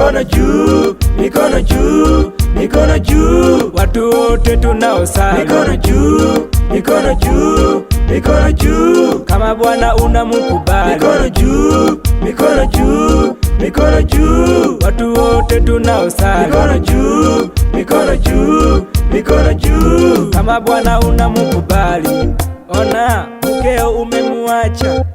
mikono juu, mikono juu, mikono juu, watu wote tunaosali, mikono juu, mikono juu, mikono juu, kama Bwana unamkubali, mikono juu, mikono juu, mikono juu, watu wote tunaosali, mikono juu, mikono juu, mikono juu, kama Bwana unamkubali. Ona mkeo umemwacha.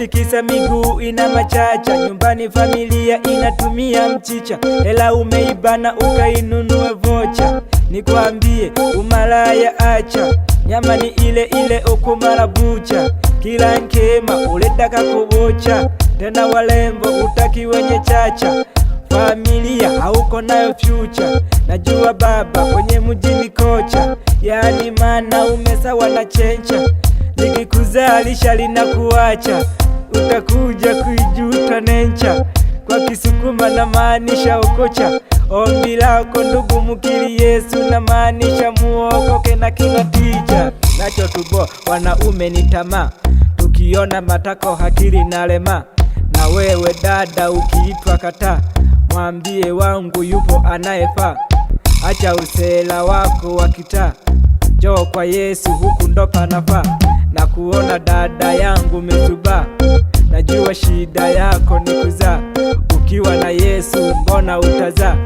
Tikisa miguu ina machacha, nyumbani familia inatumia mchicha, hela umeibana ukainunue vocha. Nikwambie umalaya acha, nyama ni ile ile uko mara bucha, kila nkema uleta kakobocha, tena walembo utaki wenye chacha familia hauko nayo future. Najua baba kwenye mjini kocha, yani mana umesawa na chencha, nikikuzalisha linakuacha utakuja kuijuta nencha. Kwa Kisukuma na maanisha okocha Ombi lako ndugu mkiri Yesu na maanisha muokoke na kila tija. Nachotubo wanaume ni tamaa, tukiona matako hakiri na lema. Na wewe dada, ukiitwa kata mwambie wangu yupo anayefaa. Acha usela wako wa kitaa, njoo kwa Yesu, huku ndo panafaa na kuona dada yangu Mituba, najua shida yako ni kuzaa. Ukiwa na Yesu mbona utazaa?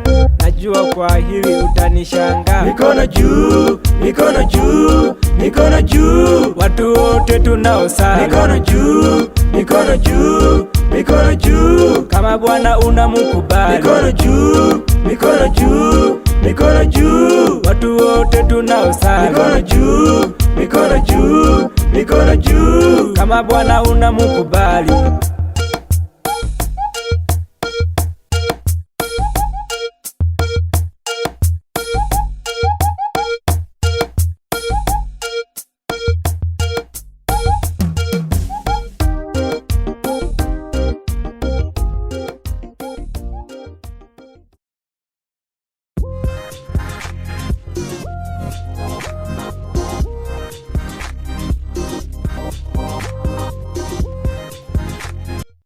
Najua kwa hili utanishangaa. Mikono juu, mikono juu, mikono juu, watu wote tunaosali. Mikono juu, mikono juu, mikono juu, kama Bwana unamkubali. Mikono juu, mikono juu, mikono juu, watu wote tunaosali. Mikono juu, mikono juu mikono juu kama Bwana unamukubali